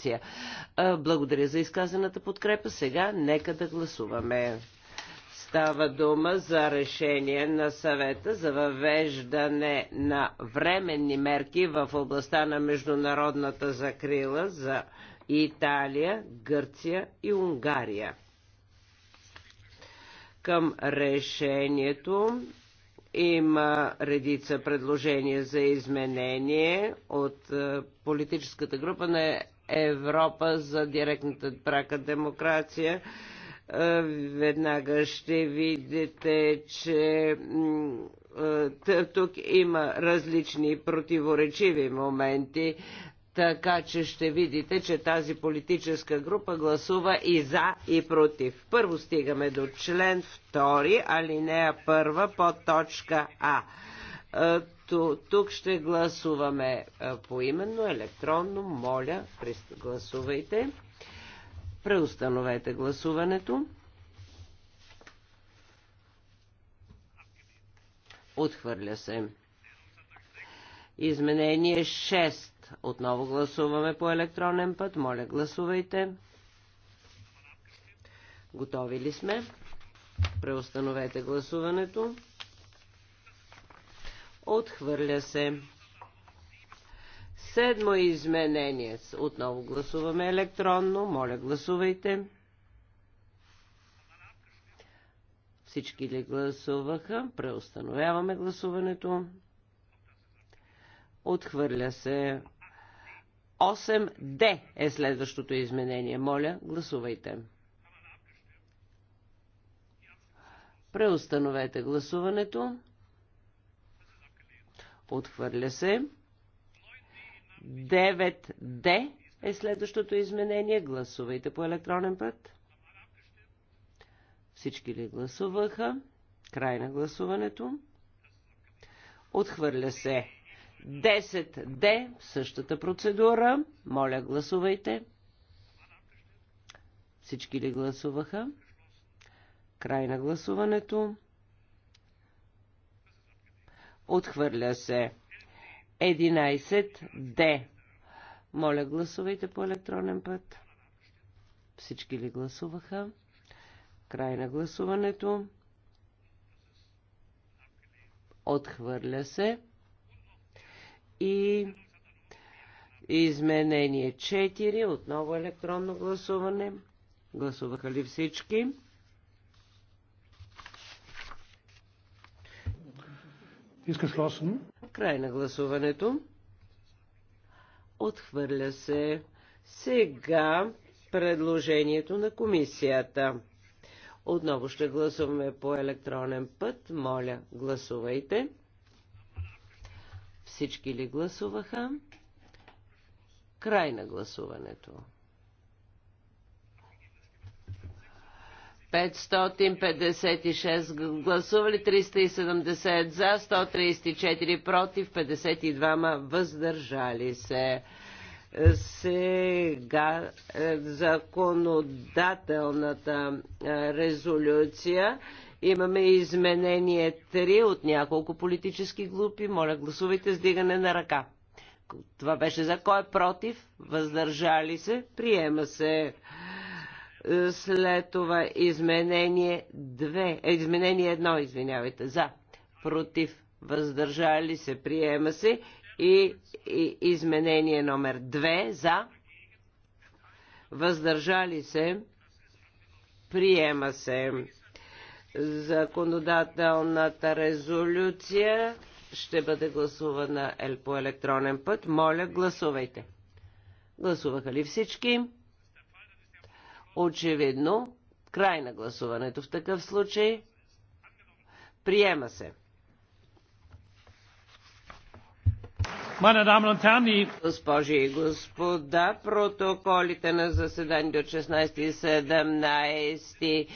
Турция. Благодаря за изказаната подкрепа. Сега нека да гласуваме. Става дума за решение на съвета за въвеждане на временни мерки в областта на международната закрила за Италия, Гърция и Унгария. Към решението има редица предложения за изменение от е, политическата група на Европа за директната прака демокрация. Е, веднага ще видите, че е, тук има различни противоречиви моменти, така че ще видите, че тази политическа група гласува и за, и против. Първо стигаме до член 2, алинея 1 по точка А. Тук ще гласуваме поименно, електронно. Моля, гласувайте. Преустановете гласуването. Отхвърля се. Изменение 6. Отново гласуваме по електронен път. Моля, гласувайте. Готови ли сме? Преустановете гласуването. Отхвърля се. Седмо изменение. Отново гласуваме електронно. Моля, гласувайте. Всички ли гласуваха? Преустановяваме гласуването. Отхвърля се. 8D е следващото изменение. Моля, гласувайте. Преустановете гласуването. Отхвърля се. 9D е следващото изменение. Гласувайте по електронен път. Всички ли гласуваха? Край на гласуването. Отхвърля се. 10D, същата процедура. Моля, гласувайте. Всички ли гласуваха? Край на гласуването. Отхвърля се. 11 Д. Моля, гласувайте по електронен път. Всички ли гласуваха? Край на гласуването. Отхвърля се. И изменение 4. Отново електронно гласуване. Гласуваха ли всички? Край на гласуването. Отхвърля се. Сега предложението на комисията. Отново ще гласуваме по електронен път. Моля, гласувайте. Всички ли гласуваха? Край на гласуването. 556 гласували, 370 за, 134 против, 52 въздържали се. Сега е, законодателната е, резолюция. Имаме изменение 3 от няколко политически групи. Моля, гласувайте с дигане на ръка. Това беше за кой е против, въздържали се, приема се. Е, след това изменение 2, е, изменение 1, извинявайте, за, против, въздържали се, приема се и, и изменение номер 2 за, въздържали се, приема се. Законодателната резолюция ще бъде гласувана е, по електронен път. Моля, гласувайте. Гласуваха ли всички? Очевидно, край на гласуването в такъв случай. Приема се. Госпожи и господа, протоколите на заседанието от 16 и 17